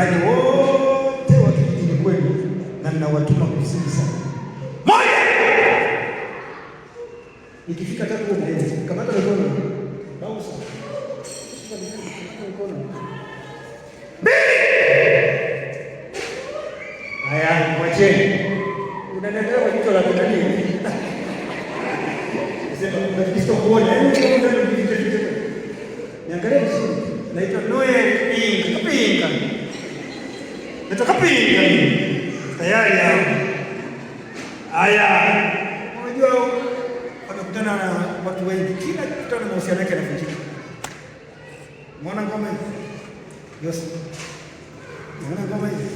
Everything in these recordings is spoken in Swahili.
ani wote wa kijijini kwenu, na ninawatuma kusini sana. Moja nikifika tatu kamata mikono vizuri, naitwa Noe nitakapinga, nitakapinga tayari hapo. Haya, unajua wanakutana na watu wengi, kila kutana mahusiano yake yanavunjika. Umeona ngoma hiyo? Yes, umeona ngoma hiyo?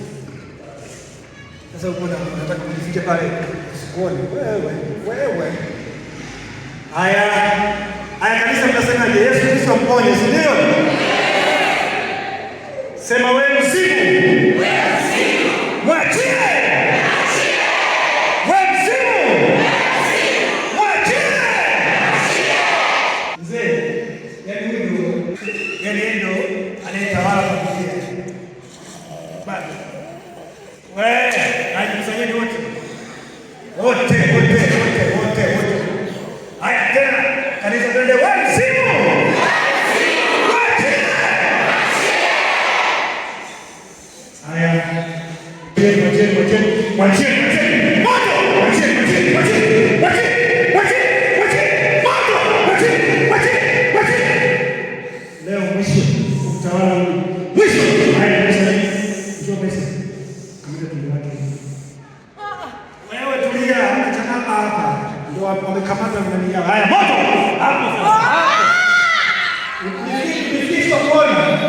Sasa uko nataka kujificha pale, sikuone wewe, wewe. Haya, haya, kanisa mnasemaje? Yesu Kristo mponye, si ndio? Sema wewe mzimu, wote wote wote wote wote. Haya tena kanisa Leo mwisho utawala huu mwisho wewe tulia, ametanama hapa, ndio wamekamata ndani yao. Haya, moto hapo sasa, ah! ukifika kona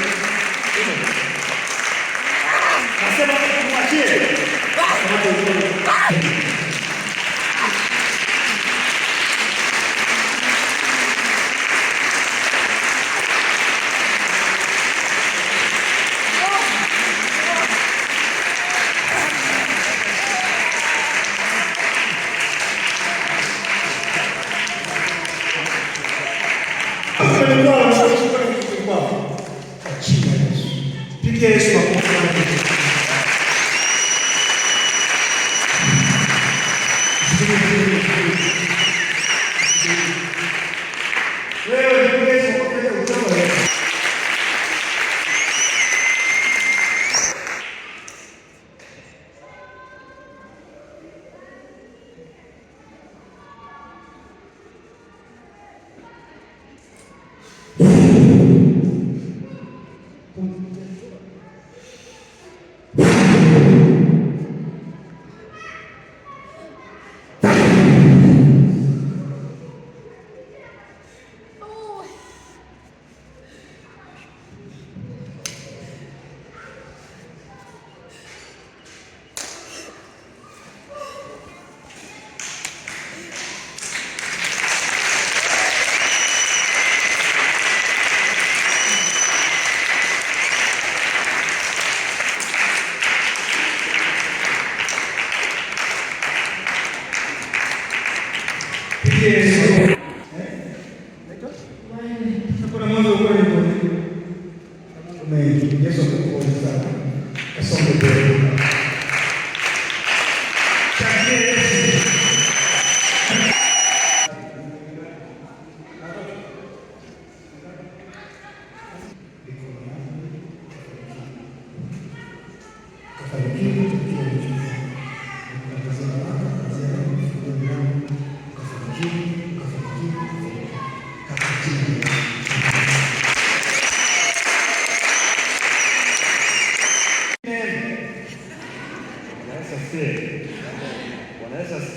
¿Qué es Yesu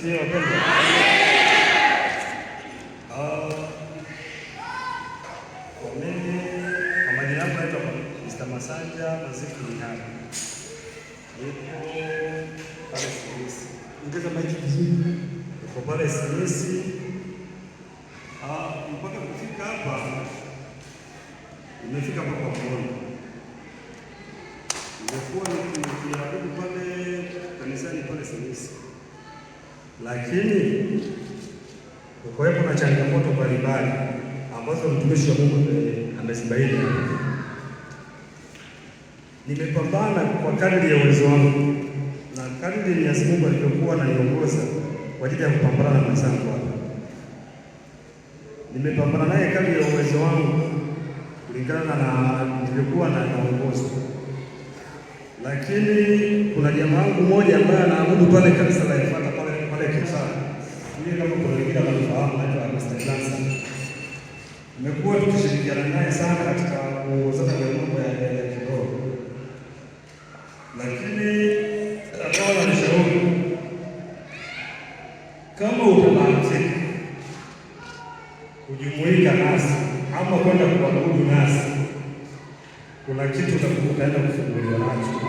asifiwe wapendwa. Kwa mimi kwa majina yangu naitwa Mr. Masanja Maziku Mihani, niko pale Simisi mpaka kufika hapa, nimefika hapa kwa lakini kuwepo na changamoto mbalimbali ambazo mtumishi wa Mungu amezibaini. Nimepambana kwa kadri ya uwezo wangu na kadri Mwenyezi Mungu alivyokuwa ananiongoza kwa ajili ya kupambana na mwenzangu hapa. Nimepambana naye kadri ya uwezo wangu kulingana na nilivyokuwa na naongoza, lakini kuna jamaa wangu mmoja ambaye anaabudu pale kanisa la marehemu sana. Mimi kama kuna wengine wanafahamu, naitwa Augustine Johnson. Nimekuwa tukishirikiana naye sana katika kuongozana kwa mambo ya ya kiroho, lakini akawa ananishauri kama utabahatika kujumuika nasi ama kwenda kuabudu nasi, kuna kitu utaenda kufunguliwa nacho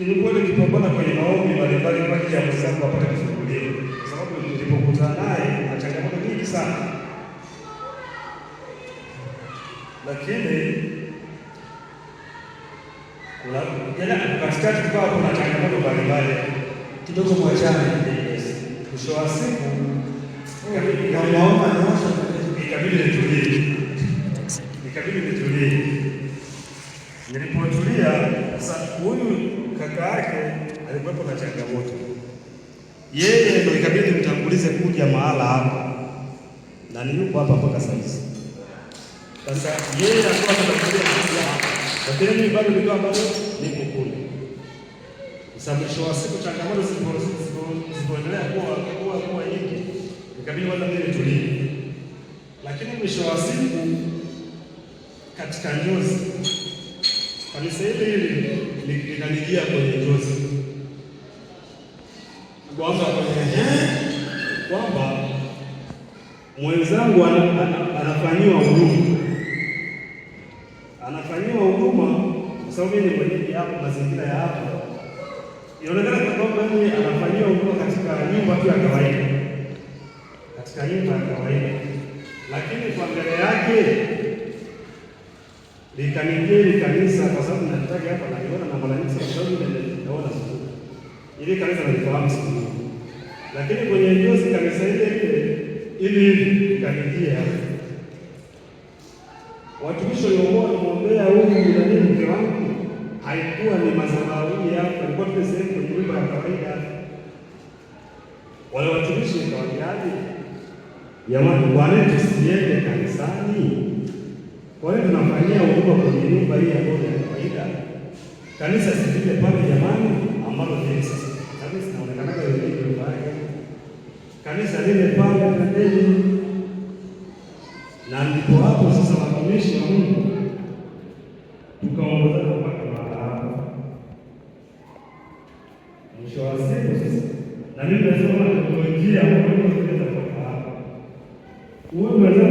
nilikuwa nikipambana kwenye maombi mbalimbali kwa ajili ya msaada apate kufunguliwa, kwa sababu nilipokutana naye na changamoto nyingi sana, lakini yaani katikati kwa kuna changamoto mbalimbali kidogo mwachana mwisho wa siku ikabidi nitulie, ikabidi nitulie. Nilipotulia sasa huyu kaka yake alikuwepo na changamoto, yeye ndio ikabidi mtangulize kuja mahala hapa, na ni yuko hapa mpaka sasa. hizi. Sasa yeye alikuwa anatangulia kuja hapa, lakini mimi bado nilikuwa bado niko kule. Sasa mwisho wa siku changamoto zilipoendelea kuwa kuwa nyingi, ikabidi wala mimi nitulie, lakini mwisho wa siku katika nyozi Kanisa hili hili linanijia kwenye jozi kwamba kwenye kwamba mwenzangu anafanyiwa huduma, anafanyiwa huduma kwa sababu ni kwenye hapo, mazingira ya hapo inaonekana kwamba yeye anafanyiwa huduma katika nyumba tu ya kawaida, katika nyumba ya kawaida, lakini kwa mbele yake likanijeni kanisa kwa sababu nalitaki hapa naliona na mara nyingi sababu ile niliona ile kanisa nalifahamu siku hiyo, lakini kwenye ndozi kanisa ile ile ili likanijia watumishi waliokuwa wanamwombea huyu na mke wangu haikuwa ni madhabahuni hapa, ilikuwa tu sehemu kwenye nyumba ya kawaida. Wale watumishi kawajaji, yaani, jamani, bwana tusiende kanisani kwa hiyo tunafanyia huduma kwenye nyumba hii ambayo ya kawaida. Kanisa sikile pale jamani, ambalo kanisa kanisa kama ile nyumba yake. Kanisa lile pale pembeni, na ndipo hapo sasa watumishi wa Mungu tukaongozana mpaka mahala Mwisho wa siku sasa, na mimi nasema ndio njia ambayo tunaweza kutoka hapa. Wewe